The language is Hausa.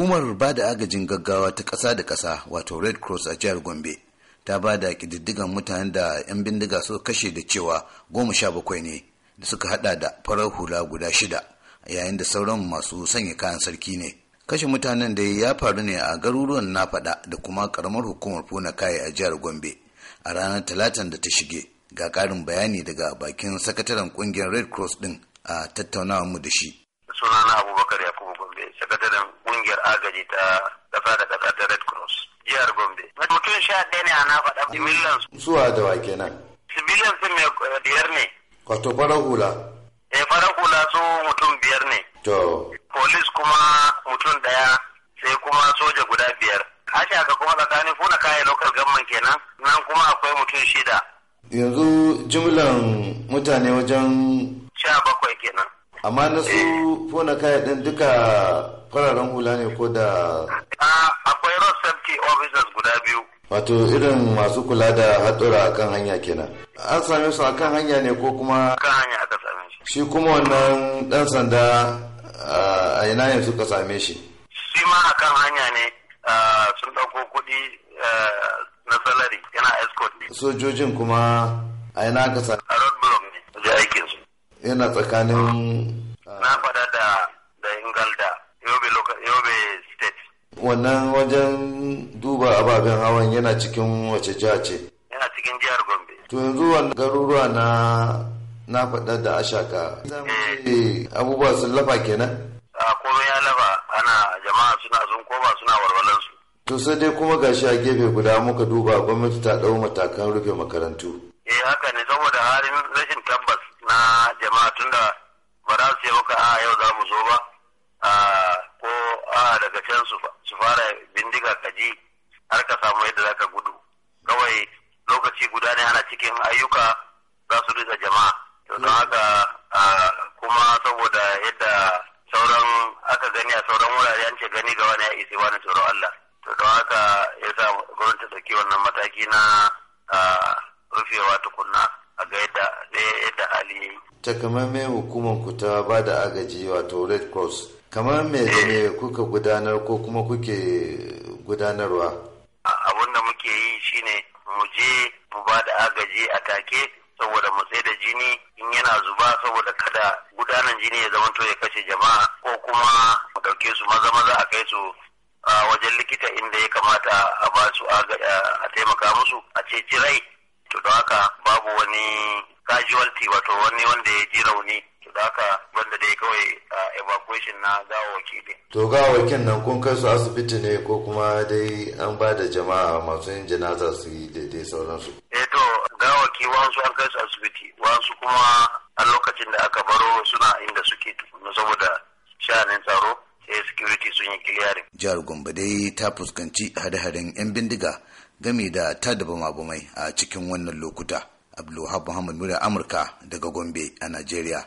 hukumar ba da agajin gaggawa ta ƙasa da ƙasa wato red cross a jihar gombe ta ba da kididdigan mutane da 'yan bindiga suka kashe da cewa goma sha bakwai ne da suka hada da farar hula guda shida yayin da sauran masu sanya kayan sarki ne kashe mutanen da ya faru ne a garuruwan na faɗa da kuma karamar hukumar funa kaye a jihar gombe a ranar Talatan da ta shige ga ƙarin bayani daga bakin sakataren ƙungiyar red cross din a tattaunawa mu da shi sunana abubakar ya sakataren kungiyar agaji ta kasa da kasa ta red cross jihar gombe mutum sha ɗaya ne ana faɗa civilian su a da wake nan civilian sun mai biyar ne wato farar hula eh farar hula su mutum biyar ne to polis kuma mutum ɗaya sai kuma soja guda biyar ashe aka kuma tsakanin kuna kayan local government kenan nan kuma akwai mutum shida yanzu jimlan mutane wajen sha bakwai kenan amma na su fona kaya din duka fararen hula ne ko da ah, akwai road safety officers guda biyu wato irin masu kula da haɗura akan hanya kenan an same su akan hanya ne ko kuma kan hanya aka same shi shi kuma wannan ɗan sanda a ina ne suka same shi shi ma akan hanya ne sun ɗauko kuɗi eh, na salari yana escort ne sojojin kuma a ina aka same yana tsakanin na fada da da ingalda yobe yobe state wannan wajen duba ababen hawan yana cikin wace jiha ce yana cikin jihar gombe to yanzu wannan garuruwa na na faɗa da ashaka eh. abubuwa sun lafa kenan a komai ya lafa ana jama'a suna sun ba suna su to sai dai kuma gashi a gefe guda muka duba gwamnati ta ɗau matakan rufe makarantu eh haka ne saboda harin rashin jama'a da ba za su yi maka a yau za mu zo ba ko a daga can su fara bindiga kaji har ka samu yadda za ka gudu kawai lokaci guda ne ana cikin ayyuka za su rika jama'a to don haka kuma saboda yadda sauran aka gani a sauran wurare an ce gani ga wani ya isi wani tsoron Allah to don haka ya sa gwamnati ta wannan mataki na rufewa tukun takamaiman hukumar ku ta ba da agaji wato red cross kamar mai da kuka gudanar ko kuma kuke gudanarwa abin da muke yi shine mu je mu ba da agaji a take saboda mu da jini in yana zuba saboda kada gudanar jini ya zamanto ya kashe jama'a ko kuma mu ɗauke su maza maza a kai su a wajen likita inda ya kamata a ba su a taimaka musu a ceci rai to don haka babu wani casualty wato wani wanda ya ji rauni to da haka banda dai kawai evacuation na gawawaki ne. to gawawakin nan kun kai su asibiti ne ko kuma dai an ba da jama'a masu yin janaza su yi daidai sauransu. eh to gawawaki wasu an kai su asibiti wasu kuma a lokacin da aka baro suna inda suke tukuna saboda sha'anin tsaro sai security sun yi kiliyarin. jihar gombe dai ta fuskanci hade haren 'yan bindiga game da ta da a cikin wannan lokuta. Abdulwahab Muhammad Mura Amurka daga Gombe a Najeriya.